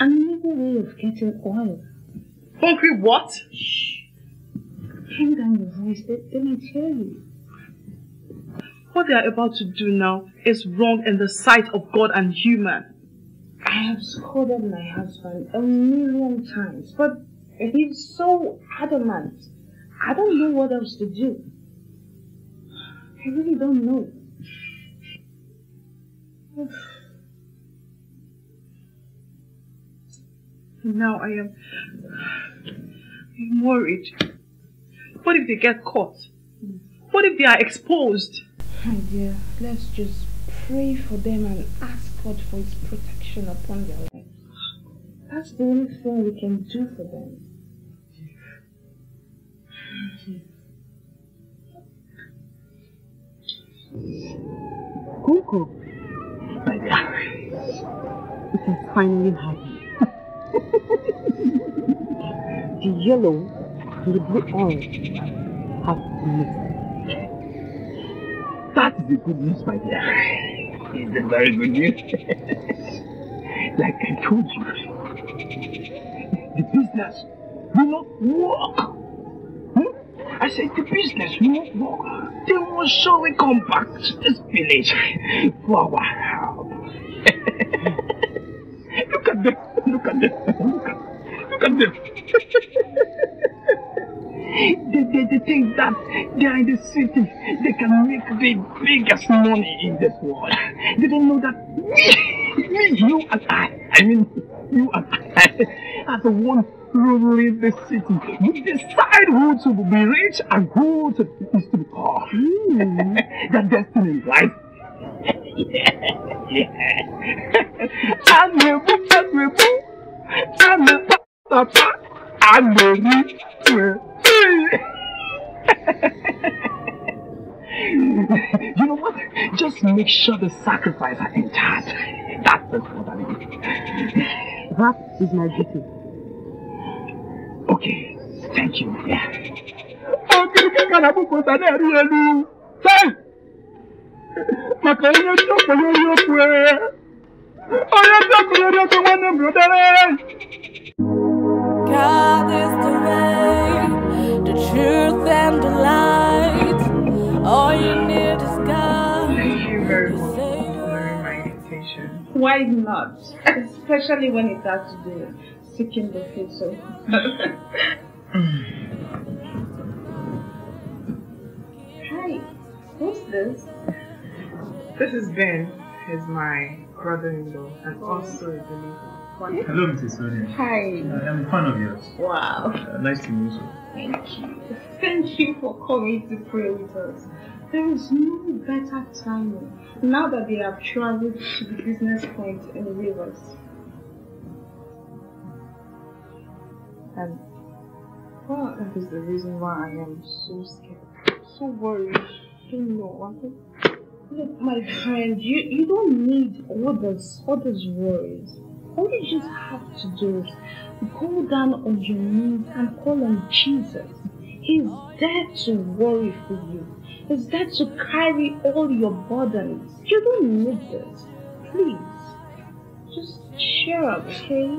an illegal way of getting oil. Bunky what? Shh. Hang down your voice, they, they might hear you. What they are about to do now is wrong in the sight of God and human. I have scolded my husband a million times, but he's so adamant. I don't know what else to do. I really don't know. now I am I'm worried. What if they get caught? What if they are exposed? My dear, let's just pray for them and ask God for his protection upon their lives. That's the only thing we can do for them. Coco, my darling, this is finally happening. the yellow and the blue orange have mixed. That's the good news, my dear. It's the very good news. like I told you, the business will not work. Hmm? I said the business will not work they will surely come back to this village for our help. look at them, look at them, look at, look at them. They, they, they think that they are in the city, they can make the biggest money in this world. They don't know that me, me, you and I, I mean, you and I, as one you leave the city. We decide who to be rich and who to, is to be poor. Mm. that destiny is life. yeah, yeah. I'm a book, i I'm a papa, I'm you know what? Just make sure the sacrifice are intact. That's what I mean. That is my duty. Okay, thank you. Yeah. Okirikika na bukwusa na-eru elu maka onye ndị okenye onye okwu onye ndị God is the way, the truth and the light. All you need is God. Thank you very much for my invitation. Why not? Especially when it has to do seeking the face Hi, who's this? This is Ben, he's my brother-in-law and oh. also a believer. Hello, Mrs. Sonia. Hi. Uh, I am a fan of yours. Wow. Uh, nice to meet you. Thank you. Thank you for coming to pray with us. There is no better timing now that they have traveled to the business point in Rivers. And that is the reason why I am so scared, so worried, You know what Look, my friend, you, you don't need all those, all those worries. All you just have to do is go down on your knees and call on Jesus. He's there to worry for you. He's there to carry all your burdens. You don't need this. Please, just cheer up, okay?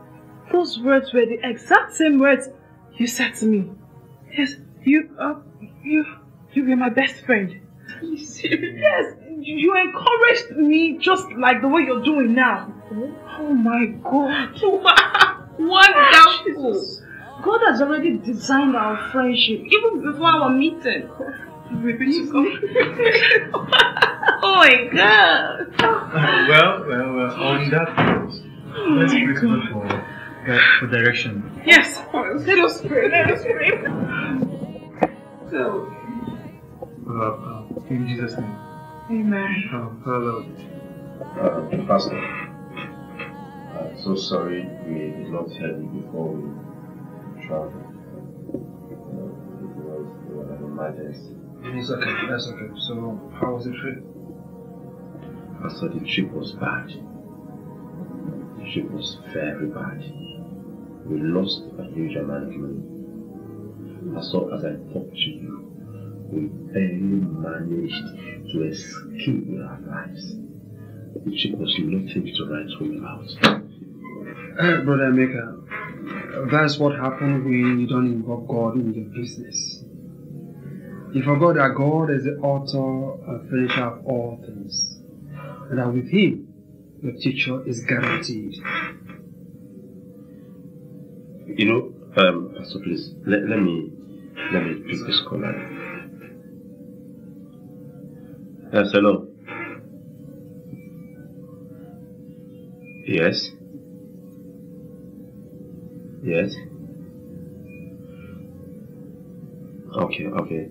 Those words were the exact same words you said to me. Yes, you, uh, you, you were my best friend. Yes, you encouraged me just like the way you're doing now. Oh, oh my God. Wonderful. God has already designed our friendship even before our meeting. oh my God. well, well, well, on that note, let's bring oh it the, the direction. Yes, let us pray, let us pray. So, uh, uh, in Jesus' name. Amen. hello. Uh, Pastor, I'm so sorry we did not tell you before we traveled. You know, it was It's okay, that's okay. So, how was the trip? thought the trip was bad. The trip was very bad we lost of management. As long as I talked to you, we barely managed to escape with our lives. The chick was nothing to write home about. Uh, Brother Maker, that's what happens when you don't involve God in your business. You forgot that God is the author and finisher of all things, and that with Him, your future is guaranteed you know, um, so please let, let me let me pick this caller. Yes, hello. Yes. Yes. Okay, okay.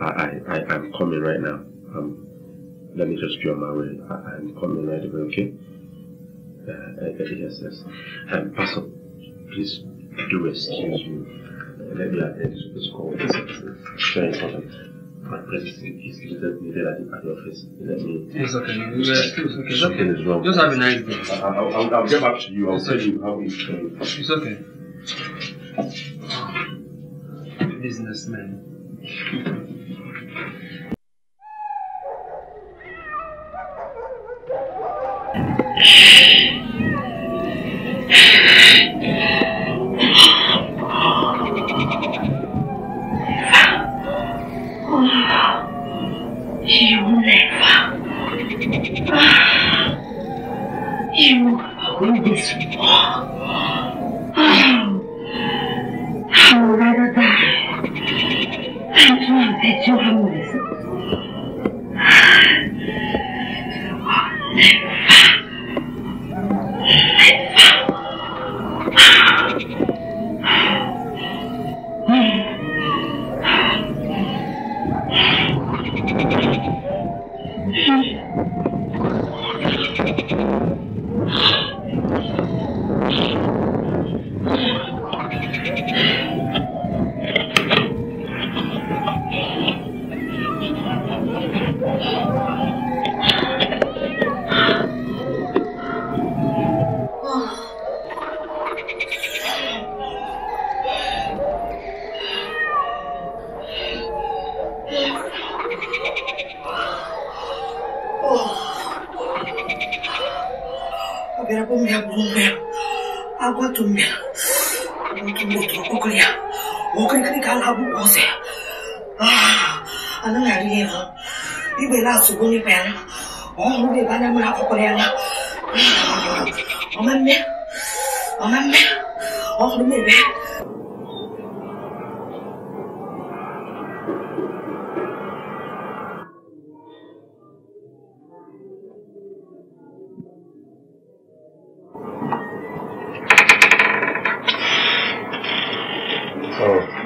I I I am coming right now. Um, let me just be on my way. I, I'm coming right away. Okay. Uh, uh, uh yes, yes. Um, Pastor. Please do excuse me. Let me attend to this call. It's very important. My presence is needed, needed at the office. Let me. It's okay. It's okay. It's okay. Is wrong. Just have a nice day. I, will I'll, I'll get back to you. I'll tell you how it's going. It's okay. Businessman. Yeah.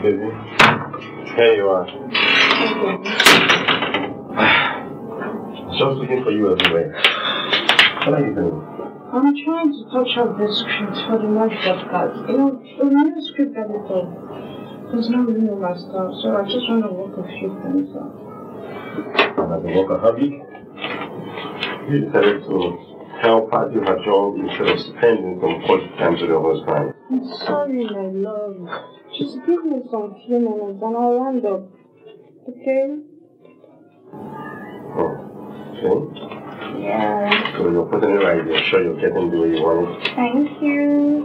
Baby, Here you are. Shows looking for you everywhere. What are you doing? I'm trying to touch up the script for the night podcast. You know, the new script everything. There's no real my stuff, so I just want to work a few things out. work a hobby. you decided to help out do her job instead of spending some quality time to the husband. I'm sorry, my love. Just give me some few minutes and I will up. Okay? Oh, Okay. Yeah. So you are putting it right. idea. i sure you are getting the way you want it. Thank you.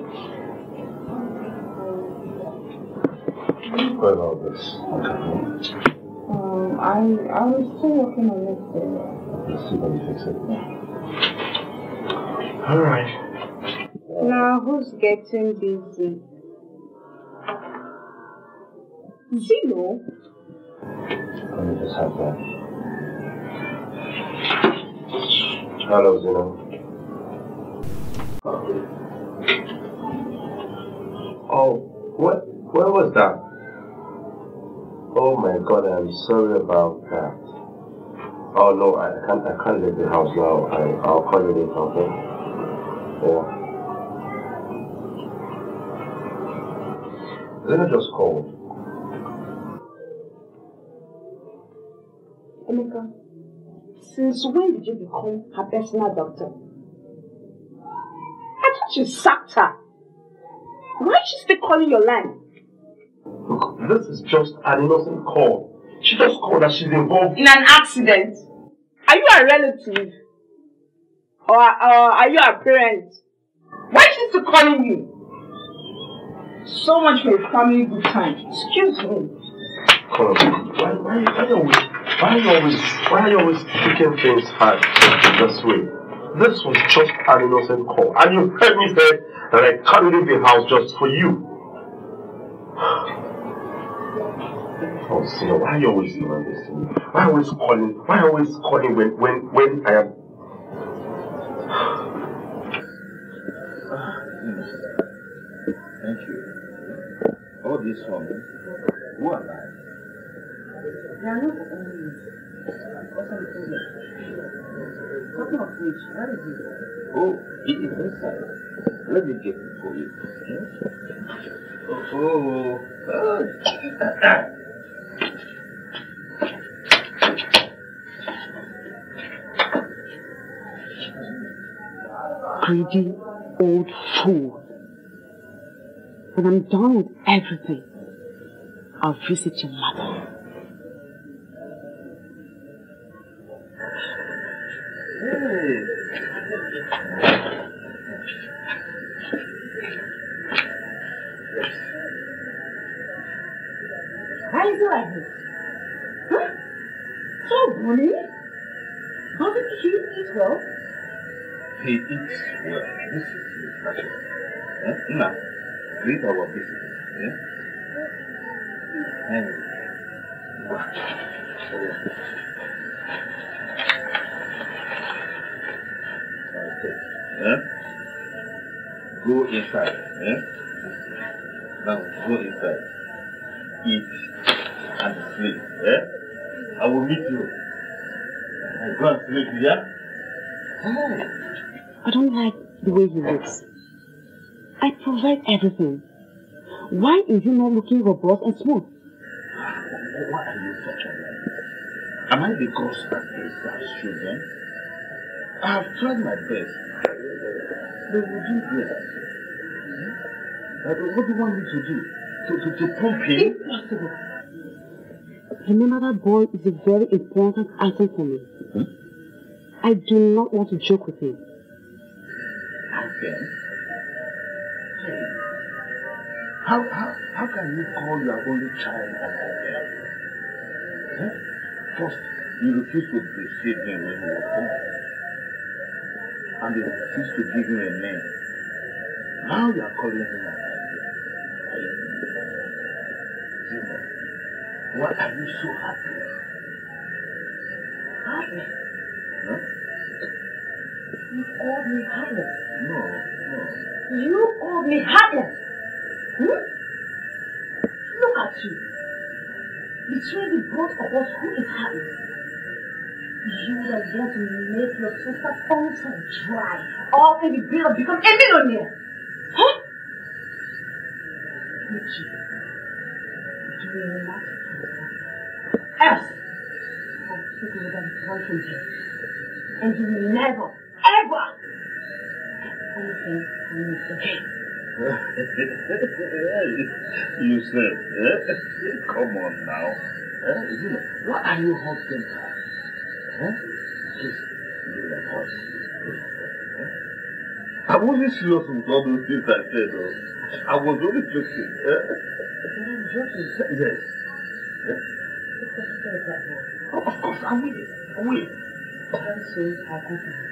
What about this? Okay. Um, I I was still working on this thing. Let's see if I can fix it. Yeah. All right. Now who's getting busy? Zero? Let me just have that. Hello, Zeno. Oh, what? Where was that? Oh my God, I'm sorry about that. Oh no, I can't. I can't leave the house now. I, I'll call you later. Okay? Yeah. Zeno just called. Emeka, since when did you become her personal doctor? I thought you sacked her. Why is she still calling your line? Look, this is just an innocent call. She just called that she's involved in an accident. Are you a relative? Or, are you a parent? Why is she still calling you? So much for a family good time. Excuse me. Why, why, are you why always, why always taking things hard this way? This was just an innocent call. And you heard me say that I can't leave the house just for you. Oh, Sina, why are you always doing this to me? Why always calling? Why always calling when, when, when I am... Thank you. Oh, this woman. Who am I? Oh, it is inside. Let me get it for you. Oh, oh, oh. greedy old fool. When I'm done with everything, I'll visit your mother. is like this? Huh? So bullying? Doesn't he eat well? He eats well. This is his passion. Eh? Now, read our business. Eh? And, eh? Go inside. Eh? Now, go inside. Eat and sleep. Eh? I will meet you. I go and sleep, yeah? Oh, I don't like the way he looks. I provide everything. Why is he not looking robust and smooth? Why are you such a man? Am I the cause of these children? I have tried my best. They will do this. Hmm? What do you want me to do? To, to, to pump him? Impossible. Remember that boy is a very important item for me. Mm-hmm. I do not want to joke with him. Okay. How, how, how can you call your only child an idea? Huh? First, you refuse to receive him when he was born. And you refuse to give him a name. Now you are calling him an idea. What are you so happy? Happy? Huh? You called me heartless. No, no. You called me heartless. Hmm? Look at you. Between the both of us, who is happy? You are going to make your sister's tongue so dry. All to the bill of become a millionaire. Huh? Look you. Do you relax? ever have people with the relationship. And you never, ever get anything from me again. you said, eh? come on now. Eh? What are you hoping for? Eh? Just do that horse. Eh? I wasn't sure with all those things I said, though. I was only joking. Eh? joking? Yes. yes. Eh? of course, I will. I will. Very soon, I'll go to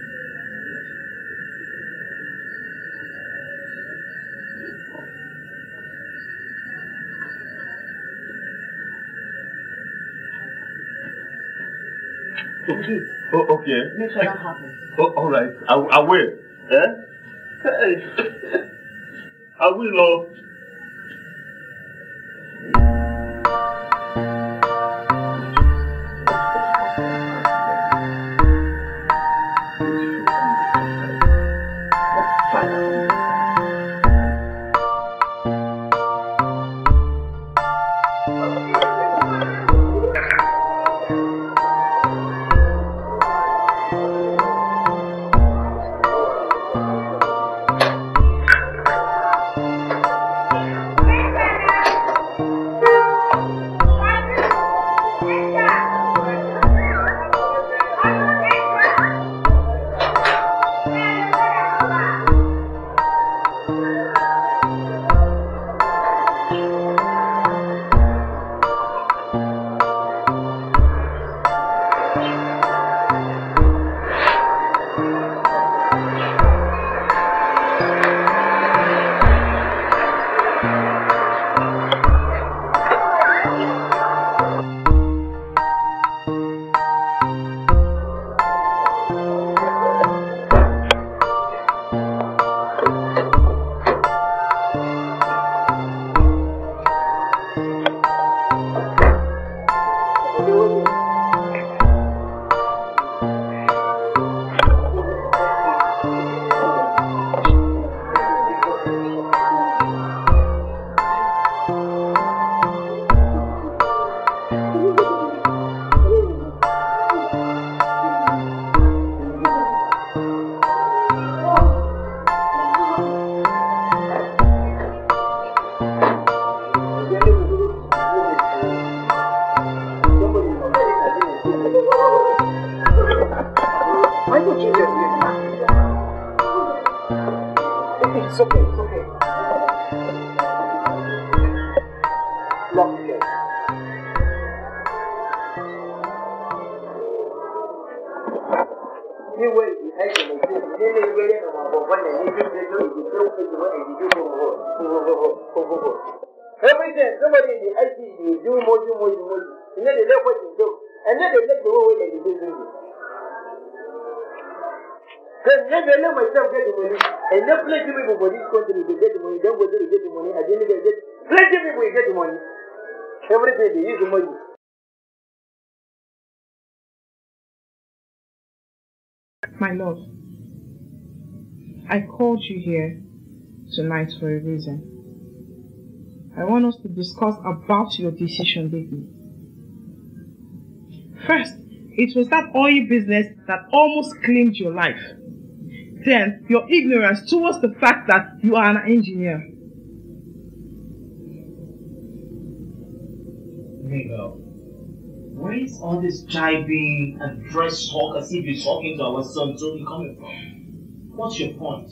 Okay. Oh, okay. Make sure that happens. Oh, all right. I, I will. Eh? Hey. I will, Lord. Oh. you here tonight for a reason. I want us to discuss about your decision, baby. First, it was that oil business that almost claimed your life. Then, your ignorance towards the fact that you are an engineer. Nigga, where is all this jibing and dress talk as if you're talking to our son Tony coming from? What's your point?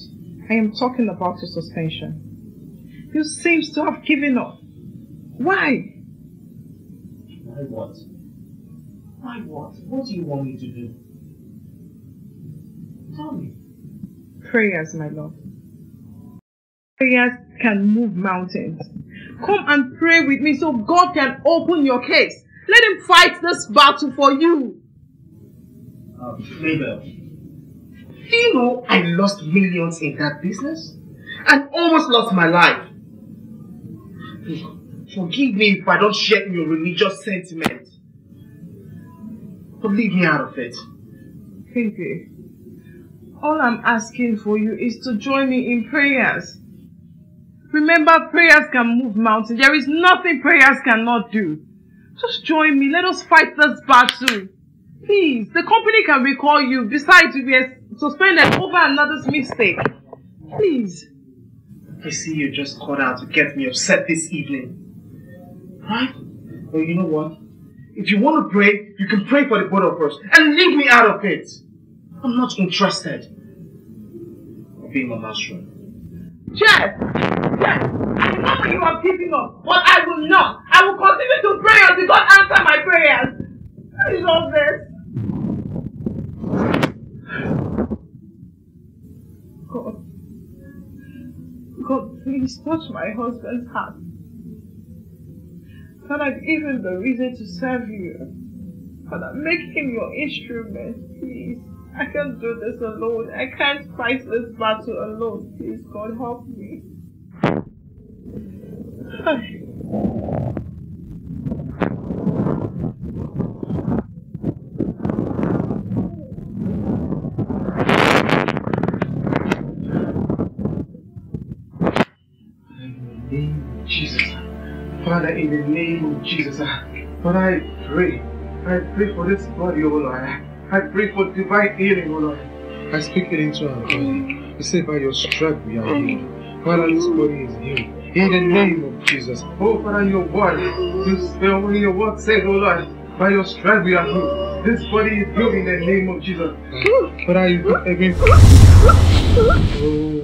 I am talking about your suspension. You seem to have given up. Why? Why what? Why what? What do you want me to do? Tell me. Prayers, my love. Prayers can move mountains. Come and pray with me so God can open your case. Let him fight this battle for you. Uh, Mabel. Do you know I lost millions in that business? And almost lost my life. forgive me if I don't share your religious sentiment. But leave me out of it. Thank you. All I'm asking for you is to join me in prayers. Remember, prayers can move mountains. There is nothing prayers cannot do. Just join me. Let us fight this battle. Please, the company can recall you. Besides, we are suspended over another's mistake. Please. I see you just called out to get me upset this evening. Right? Well, you know what? If you want to pray, you can pray for the both of us and leave me out of it. I'm not interested. I'll be in my master. Cheers, cheers! I remember you are keeping up, but I will not. I will continue to pray until God answer my prayers. I love this? Please touch my husband's heart. Father, give him the reason to serve you. Father, make him your instrument, please. I can't do this alone. I can't fight this battle alone. Please, God, help me. Father, in the name of Jesus, uh, Father, I pray. I pray for this body, O Lord. I pray for divine healing, O Lord. I speak it into our body. You say, by your strength we are healed. Father, this body is healed. In the name of Jesus. Oh, Father, your word. You spell when your word says, O Lord, by your strength we are healed. This body is healed in the name of Jesus. Father, you do Oh.